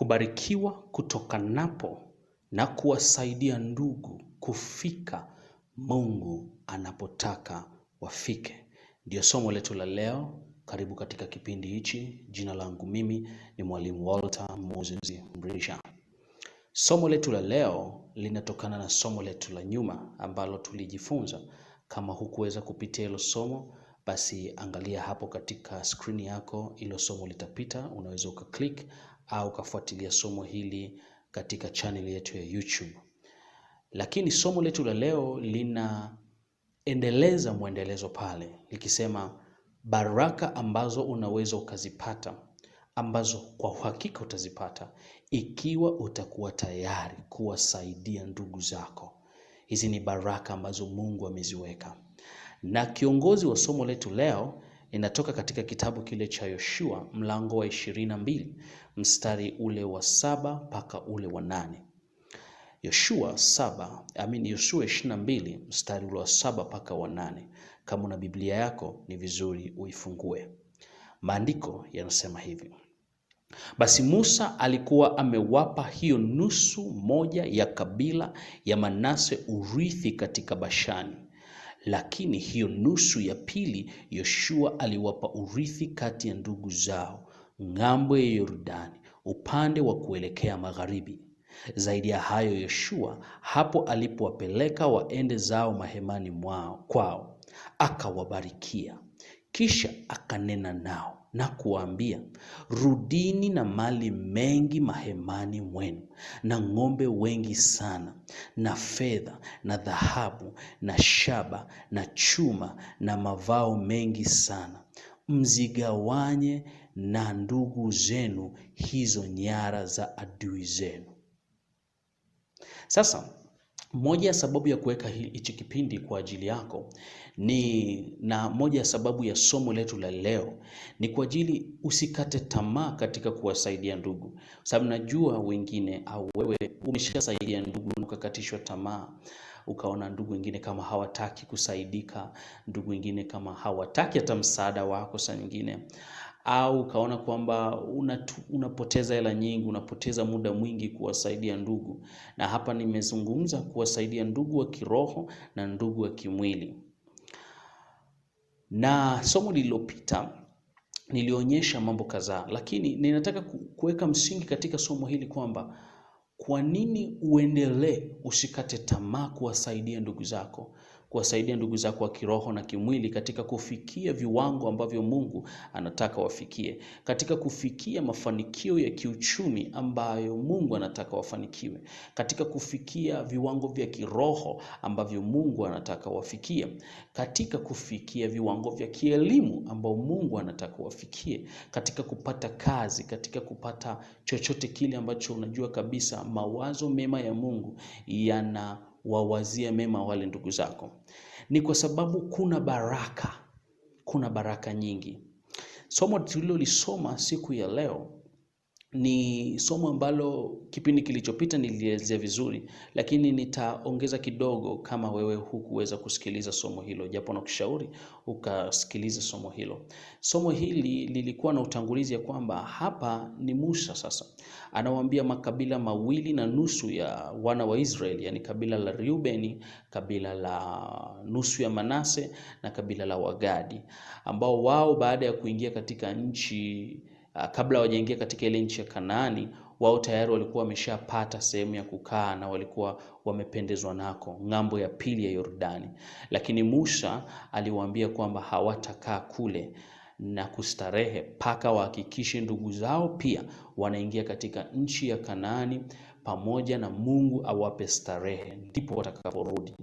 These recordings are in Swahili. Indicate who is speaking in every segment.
Speaker 1: kubarikiwa kutokanapo na kuwasaidia ndugu kufika Mungu anapotaka wafike. ndio somo letu la leo. Karibu katika kipindi hichi. Jina langu mimi ni Mwalimu Walter Moses Mrisha. Somo letu la leo linatokana na somo letu la nyuma ambalo tulijifunza. Kama hukuweza kupitia hilo somo, basi angalia hapo katika skrini yako, hilo somo litapita. Unaweza ukaklik au kafuatilia somo hili katika channel yetu ya YouTube. Lakini somo letu la leo linaendeleza mwendelezo pale likisema baraka ambazo unaweza ukazipata ambazo kwa uhakika utazipata ikiwa utakuwa tayari kuwasaidia ndugu zako. Hizi ni baraka ambazo Mungu ameziweka, na kiongozi wa somo letu leo inatoka katika kitabu kile cha Yoshua mlango wa ishirini na mbili mstari ule wa saba mpaka ule wa nane. Yoshua saba, amini, Yoshua ishirini na mbili mstari ule wa saba mpaka wa nane. Kama una Biblia yako ni vizuri uifungue. Maandiko yanasema hivi: basi Musa alikuwa amewapa hiyo nusu moja ya kabila ya Manase urithi katika Bashani lakini hiyo nusu ya pili Yoshua aliwapa urithi kati ya ndugu zao ng'ambo ya Yordani upande wa kuelekea magharibi. Zaidi ya hayo, Yoshua hapo alipowapeleka waende zao mahemani mwao kwao, akawabarikia. Kisha akanena nao na kuambia rudini na mali mengi mahemani mwenu, na ng'ombe wengi sana, na fedha na dhahabu na shaba na chuma na mavao mengi sana, mzigawanye na ndugu zenu hizo nyara za adui zenu. Sasa moja ya sababu ya kuweka hichi kipindi kwa ajili yako ni na moja ya sababu ya somo letu la leo ni kwa ajili usikate tamaa katika kuwasaidia ndugu, sababu najua wengine au ah, wewe umeshasaidia ndugu ukakatishwa tamaa, ukaona ndugu wengine kama hawataki kusaidika, ndugu wengine kama hawataki hata msaada wako saa nyingine au ukaona kwamba unatu, unapoteza hela nyingi, unapoteza muda mwingi kuwasaidia ndugu. Na hapa nimezungumza kuwasaidia ndugu wa kiroho na ndugu wa kimwili. Na somo lililopita nilionyesha mambo kadhaa, lakini ninataka kuweka msingi katika somo hili kwamba kwa nini uendelee, usikate tamaa kuwasaidia ndugu zako kuwasaidia ndugu zako wa kiroho na kimwili katika kufikia viwango ambavyo Mungu anataka wafikie, katika kufikia mafanikio ya kiuchumi ambayo Mungu anataka wafanikiwe, katika kufikia viwango vya kiroho ambavyo Mungu anataka wafikie, katika kufikia viwango vya kielimu ambao Mungu anataka wafikie, katika kupata kazi, katika kupata chochote kile ambacho unajua kabisa mawazo mema ya Mungu yana wawazie mema wale ndugu zako. Ni kwa sababu kuna baraka, kuna baraka nyingi. Somo tulilolisoma siku ya leo ni somo ambalo kipindi kilichopita nilielezea vizuri, lakini nitaongeza kidogo kama wewe hukuweza kusikiliza somo hilo, japo nakushauri ukasikiliza somo hilo. Somo hili lilikuwa na utangulizi ya kwamba hapa ni Musa sasa anawaambia makabila mawili na nusu ya wana wa Israeli, yani kabila la Reubeni, kabila la nusu ya Manase na kabila la Wagadi, ambao wao baada ya kuingia katika nchi Ah, kabla hawajaingia katika ile nchi ya Kanaani, wao tayari walikuwa wameshapata sehemu ya kukaa na walikuwa wamependezwa nako ng'ambo ya pili ya Yordani. Lakini Musa aliwaambia kwamba hawatakaa kule na kustarehe mpaka wahakikishe ndugu zao pia wanaingia katika nchi ya Kanaani pamoja na Mungu awape starehe, ndipo watakaporudi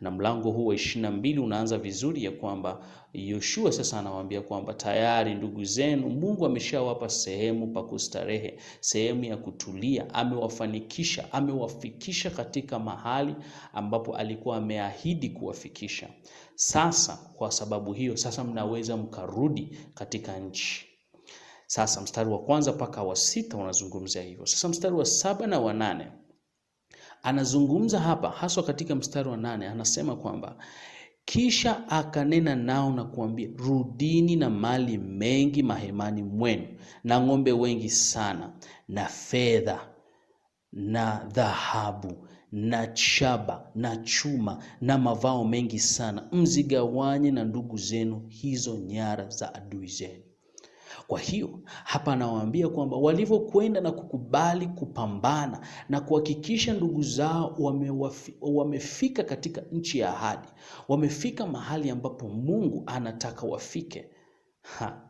Speaker 1: na mlango huu wa ishirini na mbili unaanza vizuri ya kwamba Yoshua sasa anawaambia kwamba tayari ndugu zenu Mungu ameshawapa sehemu pa kustarehe, sehemu ya kutulia, amewafanikisha, amewafikisha katika mahali ambapo alikuwa ameahidi kuwafikisha. Sasa kwa sababu hiyo, sasa mnaweza mkarudi katika nchi. Sasa mstari wa kwanza mpaka wa sita unazungumzia hivyo. Sasa mstari wa saba na wa nane Anazungumza hapa haswa katika mstari wa nane, anasema kwamba kisha akanena nao na kuambia, rudini na mali mengi mahemani mwenu, na ng'ombe wengi sana, na fedha na dhahabu na shaba na chuma na mavao mengi sana, mzigawanye na ndugu zenu hizo nyara za adui zenu. Kwa hiyo hapa anawaambia kwamba walivyokwenda na kukubali kupambana na kuhakikisha ndugu zao wamewafi, wamefika katika nchi ya ahadi, wamefika mahali ambapo Mungu anataka wafike ha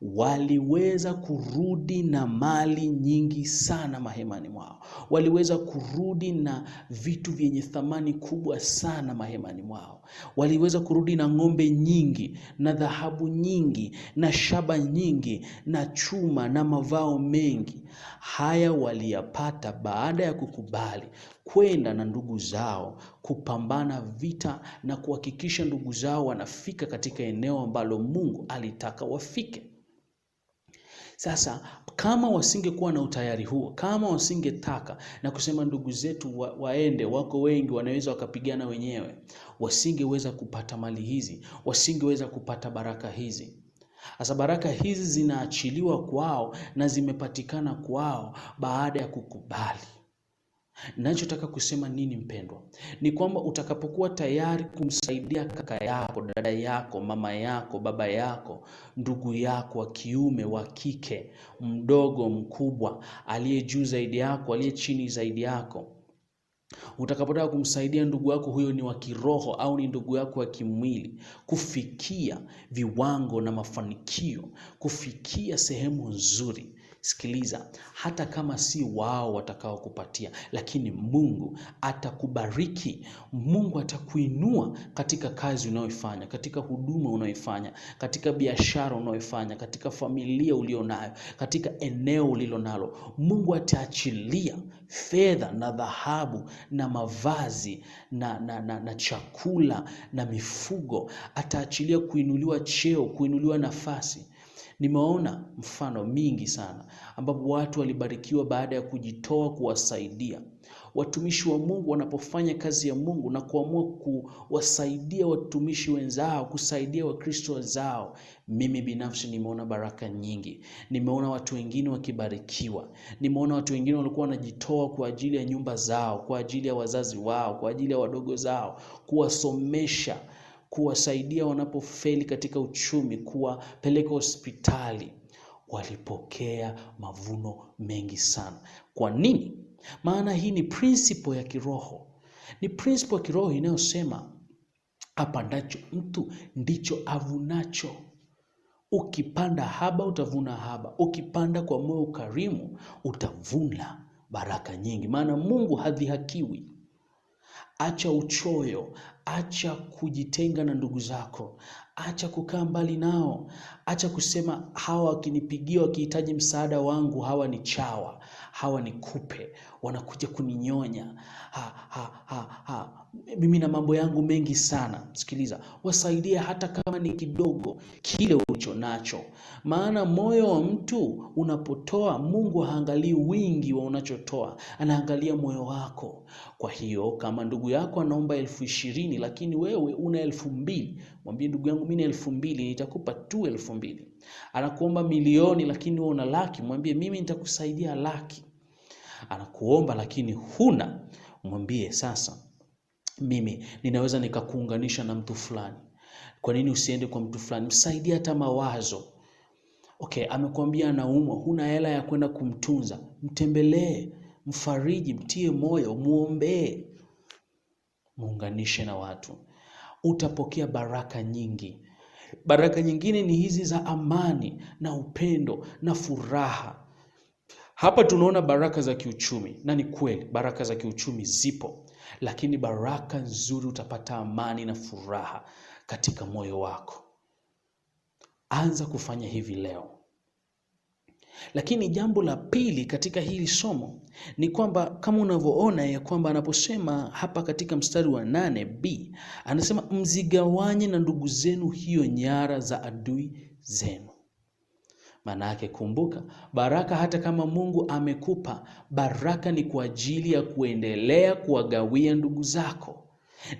Speaker 1: waliweza kurudi na mali nyingi sana mahemani mwao. Waliweza kurudi na vitu vyenye thamani kubwa sana mahemani mwao. Waliweza kurudi na ng'ombe nyingi na dhahabu nyingi na shaba nyingi na chuma na mavao mengi. Haya waliyapata baada ya kukubali kwenda na ndugu zao kupambana vita na kuhakikisha ndugu zao wanafika katika eneo ambalo Mungu alitaka wafike. Sasa kama wasingekuwa na utayari huo, kama wasingetaka na kusema ndugu zetu wa, waende, wako wengi wanaweza wakapigana wenyewe, wasingeweza kupata mali hizi, wasingeweza kupata baraka hizi. Sasa baraka hizi zinaachiliwa kwao na zimepatikana kwao baada ya kukubali. Ninachotaka kusema nini mpendwa, ni kwamba utakapokuwa tayari kumsaidia kaka yako, dada yako, mama yako, baba yako, ndugu yako wa kiume, wa kike, mdogo, mkubwa, aliye juu zaidi yako, aliye chini zaidi yako, utakapotaka kumsaidia ndugu yako huyo, ni wa kiroho au ni ndugu yako wa kimwili, kufikia viwango na mafanikio, kufikia sehemu nzuri Sikiliza, hata kama si wao watakaokupatia, lakini Mungu atakubariki. Mungu atakuinua katika kazi unayoifanya, katika huduma unayoifanya, katika biashara unayoifanya, katika familia ulionayo, katika eneo ulilonalo. Mungu ataachilia fedha na dhahabu na mavazi na, na, na, na chakula na mifugo. Ataachilia kuinuliwa cheo, kuinuliwa nafasi. Nimeona mfano mingi sana ambapo watu walibarikiwa baada ya kujitoa kuwasaidia. Watumishi wa Mungu wanapofanya kazi ya Mungu na kuamua kuwasaidia watumishi wenzao, kusaidia Wakristo wenzao, mimi binafsi nimeona baraka nyingi. Nimeona watu wengine wakibarikiwa. Nimeona watu wengine walikuwa wanajitoa kwa ajili ya nyumba zao, kwa ajili ya wazazi wao, kwa ajili ya wadogo zao, kuwasomesha kuwasaidia wanapofeli katika uchumi, kuwapeleka hospitali, walipokea mavuno mengi sana. Kwa nini? Maana hii ni prinsipo ya kiroho, ni prinsipo ya kiroho inayosema apandacho mtu ndicho avunacho. Ukipanda haba utavuna haba, ukipanda kwa moyo ukarimu utavuna baraka nyingi, maana Mungu hadhihakiwi. Acha uchoyo, acha kujitenga na ndugu zako, acha kukaa mbali nao, acha kusema hawa wakinipigia wakihitaji msaada wangu, hawa ni chawa, hawa ni kupe, wanakuja kuninyonya ha, ha, ha, ha mimi na mambo yangu mengi sana. Sikiliza, wasaidia hata kama ni kidogo kile ulicho nacho, maana moyo wa mtu unapotoa, Mungu haangalii wingi wa unachotoa, anaangalia moyo wako. Kwa hiyo kama ndugu yako anaomba elfu ishirini lakini wewe una elfu mbili mwambie ndugu yangu, mimi na elfu mbili nitakupa tu elfu mbili Anakuomba milioni lakini wewe una laki, mwambie mimi nitakusaidia laki. Anakuomba lakini huna, mwambie sasa mimi ninaweza nikakuunganisha na mtu fulani. Kwa nini usiende kwa mtu fulani? Msaidie hata mawazo. Okay, amekwambia anaumwa, huna hela ya kwenda kumtunza, mtembelee, mfariji, mtie moyo, mwombee, muunganishe na watu, utapokea baraka nyingi. Baraka nyingine ni hizi za amani na upendo na furaha. Hapa tunaona baraka za kiuchumi, na ni kweli baraka za kiuchumi zipo lakini baraka nzuri, utapata amani na furaha katika moyo wako. Anza kufanya hivi leo. Lakini jambo la pili katika hili somo ni kwamba kama unavyoona ya kwamba anaposema hapa katika mstari wa nane b anasema mzigawanye na ndugu zenu hiyo nyara za adui zenu yake kumbuka, baraka hata kama Mungu amekupa baraka, ni kwa ajili ya kuendelea kuwagawia ndugu zako,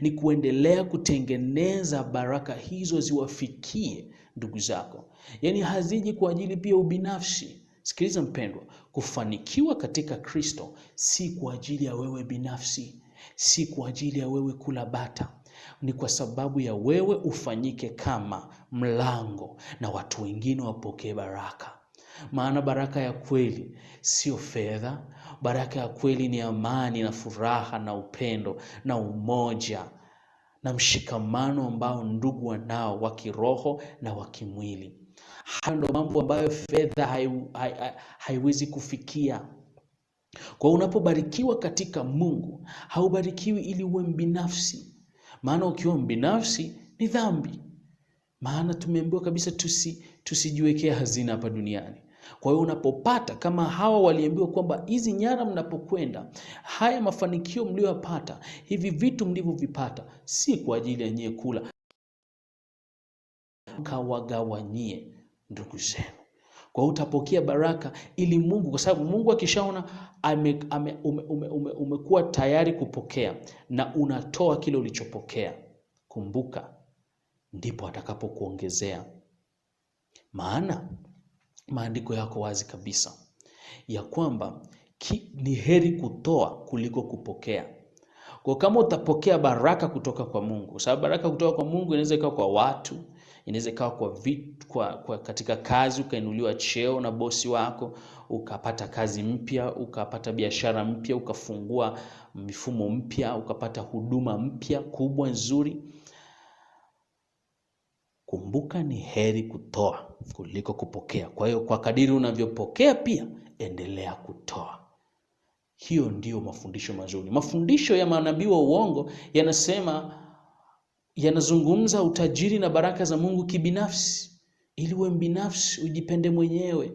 Speaker 1: ni kuendelea kutengeneza baraka hizo ziwafikie ndugu zako, yaani haziji kwa ajili pia ubinafsi. Sikiliza mpendwa, kufanikiwa katika Kristo si kwa ajili ya wewe binafsi, si kwa ajili ya wewe kula bata ni kwa sababu ya wewe ufanyike kama mlango na watu wengine wapokee baraka. Maana baraka ya kweli sio fedha. Baraka ya kweli ni amani na furaha na upendo na umoja na mshikamano ambao ndugu wanao wa kiroho na wa kimwili. Hayo ndo mambo ambayo fedha haiwezi hai, hai, kufikia. Kwa unapobarikiwa katika Mungu, haubarikiwi ili uwe mbinafsi maana ukiwa mbinafsi ni dhambi. Maana tumeambiwa kabisa tusi tusijiwekea hazina hapa duniani. Kwa hiyo unapopata kama hawa waliambiwa kwamba hizi nyara mnapokwenda, haya mafanikio mliyoyapata, hivi vitu mlivyovipata, si kwa ajili ya nyie kula, kawagawanyie ndugu zenu kwa utapokea baraka ili Mungu, kwa sababu Mungu akishaona umekuwa ume, ume, ume tayari kupokea na unatoa kile ulichopokea, kumbuka, ndipo atakapokuongezea. Maana maandiko yako wazi kabisa ya kwamba ki, ni heri kutoa kuliko kupokea. Kwa kama utapokea baraka kutoka kwa Mungu, sababu baraka kutoka kwa Mungu inaweza ikawa kwa watu inaweza ikawa kwa, kwa, kwa katika kazi ukainuliwa cheo na bosi wako, ukapata kazi mpya, ukapata biashara mpya, ukafungua mifumo mpya, ukapata huduma mpya kubwa nzuri. Kumbuka, ni heri kutoa kuliko kupokea. Kwa hiyo kwa kadiri unavyopokea pia endelea kutoa. Hiyo ndiyo mafundisho mazuri. Mafundisho ya manabii wa uongo yanasema yanazungumza utajiri na baraka za Mungu kibinafsi, ili uwe mbinafsi, ujipende mwenyewe,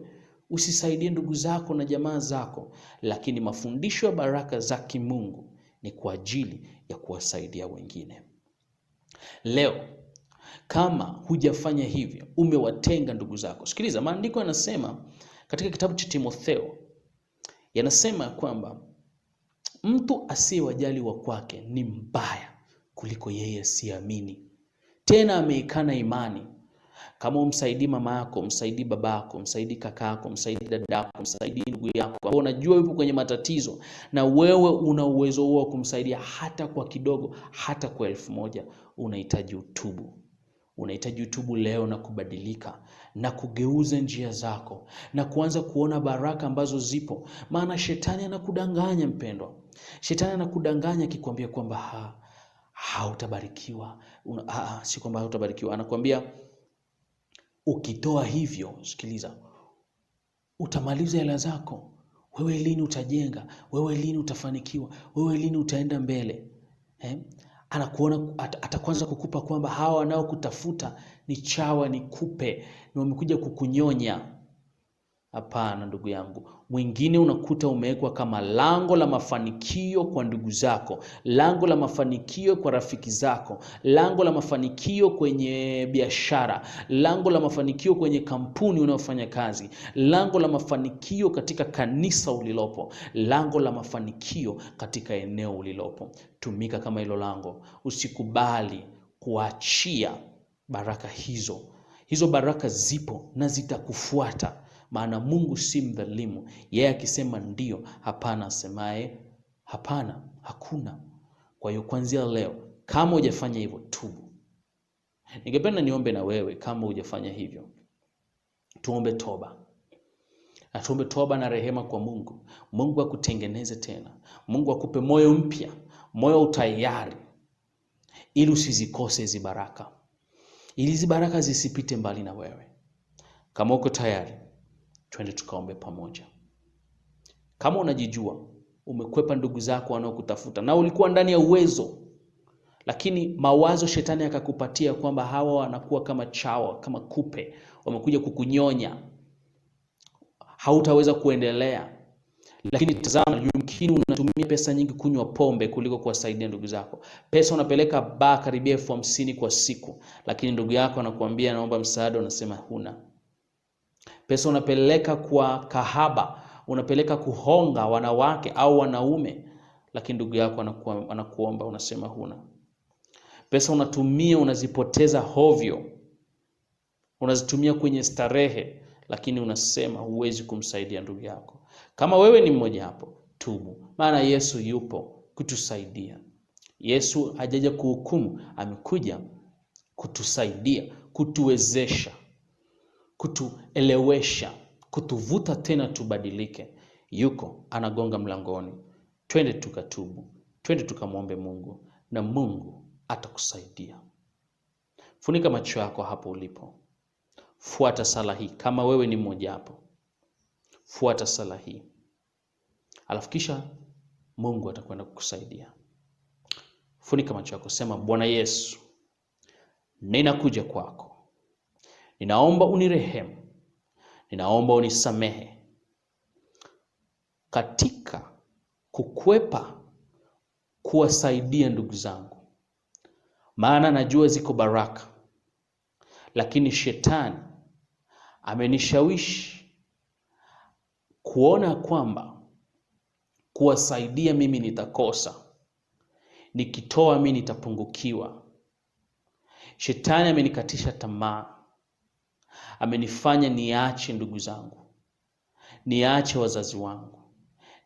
Speaker 1: usisaidie ndugu zako na jamaa zako. Lakini mafundisho ya baraka za kimungu ni kwa ajili ya kuwasaidia wengine. Leo kama hujafanya hivyo, umewatenga ndugu zako. Sikiliza, maandiko yanasema katika kitabu cha Timotheo yanasema kwamba mtu asiyewajali wa kwake ni mbaya kuliko yeye asiamini. Tena ameikana imani. Kama umsaidii mama yako, msaidii baba yako, msaidii kaka yako, msaidii dada yako, msaidii ndugu yako ambao unajua yupo kwenye matatizo, na wewe una uwezo huo wa kumsaidia hata kwa kidogo, hata kwa elfu moja, unahitaji utubu. Unahitaji utubu leo na kubadilika na kugeuza njia zako na kuanza kuona baraka ambazo zipo, maana shetani anakudanganya mpendwa. Shetani anakudanganya akikwambia kwamba hautabarikiwa. Ah, ah, si kwamba hautabarikiwa, anakuambia ukitoa hivyo, sikiliza, utamaliza hela zako. Wewe lini utajenga? Wewe lini utafanikiwa? Wewe lini utaenda mbele eh? Anakuona, atakwanza kukupa kwamba hawa wanaokutafuta ni chawa, ni kupe, ni wamekuja kukunyonya. Hapana ndugu yangu, mwingine unakuta umewekwa kama lango la mafanikio kwa ndugu zako, lango la mafanikio kwa rafiki zako, lango la mafanikio kwenye biashara, lango la mafanikio kwenye kampuni unayofanya kazi, lango la mafanikio katika kanisa ulilopo, lango la mafanikio katika eneo ulilopo. Tumika kama hilo lango, usikubali kuachia baraka hizo. Hizo baraka zipo na zitakufuata maana Mungu si mdhalimu. Yeye akisema ndio, hapana asemaye hapana, hakuna. Kwa hiyo kuanzia leo, kama hujafanya hivyo, tubu. Ningependa niombe na wewe, kama hujafanya hivyo, tuombe toba na tuombe toba na rehema kwa Mungu. Mungu akutengeneze tena, Mungu akupe moyo mpya, moyo utayari, ili usizikose hizi baraka, ili hizi baraka zisipite mbali na wewe. Kama uko tayari twende tukaombe pamoja. Kama unajijua umekwepa ndugu zako wanaokutafuta na ulikuwa ndani ya uwezo, lakini mawazo shetani akakupatia kwamba hawa wanakuwa kama chawa, kama kupe, wamekuja kukunyonya, hautaweza kuendelea. Lakini tazama, yumkini unatumia pesa nyingi kunywa pombe kuliko kuwasaidia ndugu zako. Pesa unapeleka ba karibia elfu hamsini kwa siku, lakini ndugu yako anakuambia naomba msaada, unasema huna. Pesa unapeleka kwa kahaba, unapeleka kuhonga wanawake au wanaume, lakini ndugu yako anakuomba unasema huna. Pesa unatumia unazipoteza hovyo, unazitumia kwenye starehe, lakini unasema huwezi kumsaidia ndugu yako. Kama wewe ni mmoja hapo, tubu, maana Yesu yupo kutusaidia. Yesu hajaja kuhukumu, amekuja kutusaidia, kutuwezesha kutuelewesha, kutuvuta tena tubadilike. Yuko anagonga mlangoni. Twende tukatubu, twende tukamwombe Mungu na Mungu atakusaidia. Funika macho yako hapo ulipo, fuata sala hii kama wewe ni mmoja hapo, fuata sala hii alafu kisha Mungu atakwenda kukusaidia. Funika macho yako, sema: Bwana Yesu, ninakuja kwako ninaomba unirehemu, ninaomba unisamehe. Katika kukwepa kuwasaidia ndugu zangu, maana najua ziko baraka, lakini shetani amenishawishi kuona kwamba kuwasaidia mimi nitakosa, nikitoa mimi nitapungukiwa. Shetani amenikatisha tamaa Amenifanya niache ndugu zangu, niache wazazi wangu,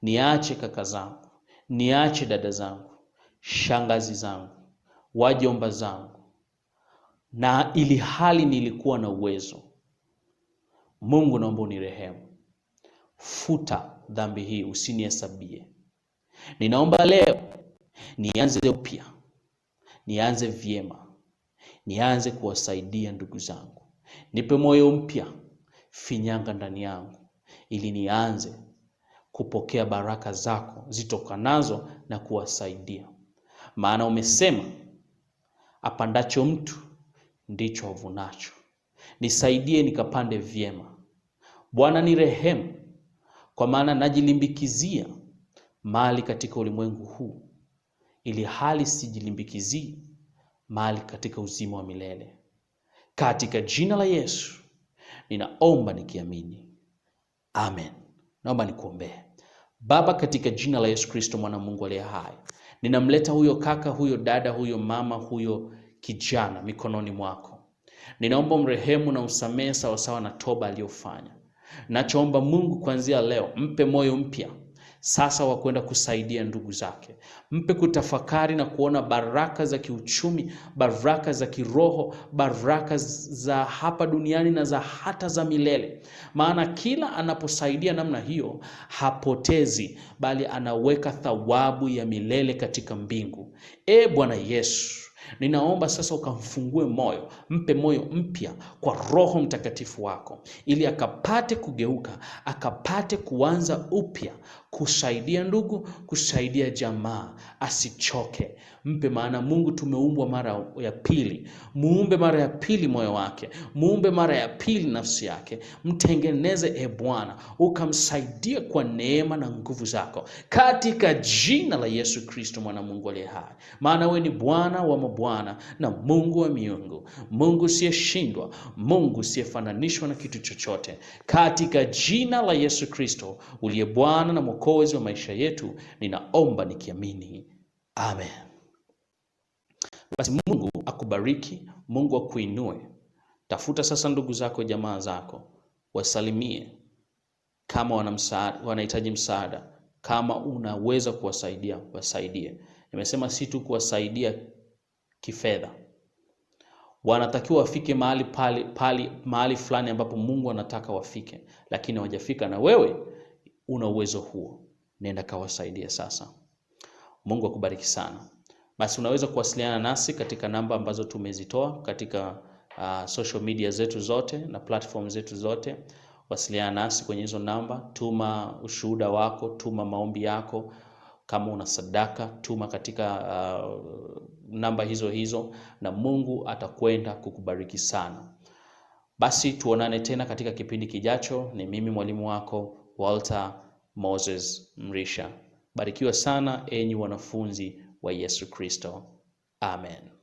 Speaker 1: niache kaka zangu, niache dada zangu, shangazi zangu, wajomba zangu, na ili hali nilikuwa na uwezo. Mungu, naomba unirehemu, futa dhambi hii, usinihesabie. Ninaomba leo nianze upya, nianze vyema, nianze kuwasaidia ndugu zangu nipe moyo mpya, finyanga ndani yangu, ili nianze kupokea baraka zako zitokanazo na kuwasaidia, maana umesema apandacho mtu ndicho avunacho. Nisaidie nikapande vyema Bwana, ni rehemu, kwa maana najilimbikizia mali katika ulimwengu huu, ili hali sijilimbikizii mali katika uzima wa milele. Katika jina la Yesu ninaomba nikiamini, amen. Naomba nikuombee. Baba, katika jina la Yesu Kristo mwana Mungu aliye hai, ninamleta huyo kaka, huyo dada, huyo mama, huyo kijana mikononi mwako. Ninaomba mrehemu na usamehe sawasawa na toba aliyofanya. Nachoomba Mungu, kuanzia leo mpe moyo mpya sasa wa kwenda kusaidia ndugu zake. Mpe kutafakari na kuona baraka za kiuchumi, baraka za kiroho, baraka za hapa duniani na za hata za milele, maana kila anaposaidia namna hiyo hapotezi, bali anaweka thawabu ya milele katika mbingu. E Bwana Yesu Ninaomba sasa ukamfungue moyo, mpe moyo mpya kwa Roho Mtakatifu wako, ili akapate kugeuka, akapate kuanza upya, kusaidia ndugu, kusaidia jamaa, asichoke mpe maana Mungu tumeumbwa mara ya pili. Muumbe mara ya pili moyo wake, muumbe mara ya pili nafsi yake, mtengeneze e Bwana, ukamsaidia kwa neema na nguvu zako, katika jina la Yesu Kristo mwana Mungu aliye hai. Maana wewe ni Bwana wa mabwana na Mungu wa miungu, Mungu usiyeshindwa, Mungu usiyefananishwa na kitu chochote, katika jina la Yesu Kristo uliye Bwana na Mwokozi wa maisha yetu, ninaomba nikiamini, amen. Basi Mungu akubariki, Mungu akuinue. Tafuta sasa ndugu zako, jamaa zako, wasalimie kama wanahitaji msaada. Kama unaweza kuwasaidia, wasaidie. Nimesema si tu kuwasaidia kifedha, wanatakiwa wafike mahali pale pale mahali fulani ambapo Mungu anataka wafike, lakini hawajafika, na wewe una uwezo huo, nenda kawasaidia sasa. Mungu akubariki sana. Basi unaweza kuwasiliana nasi katika namba ambazo tumezitoa katika uh, social media zetu zote na platform zetu zote. Wasiliana nasi kwenye hizo namba, tuma ushuhuda wako, tuma maombi yako kama una sadaka tuma katika uh, namba hizo hizo, na Mungu atakwenda kukubariki sana. Basi tuonane tena katika kipindi kijacho. Ni mimi mwalimu wako Walter Moses Mrisha. Barikiwa sana enyi wanafunzi wa Yesu Kristo. Amen.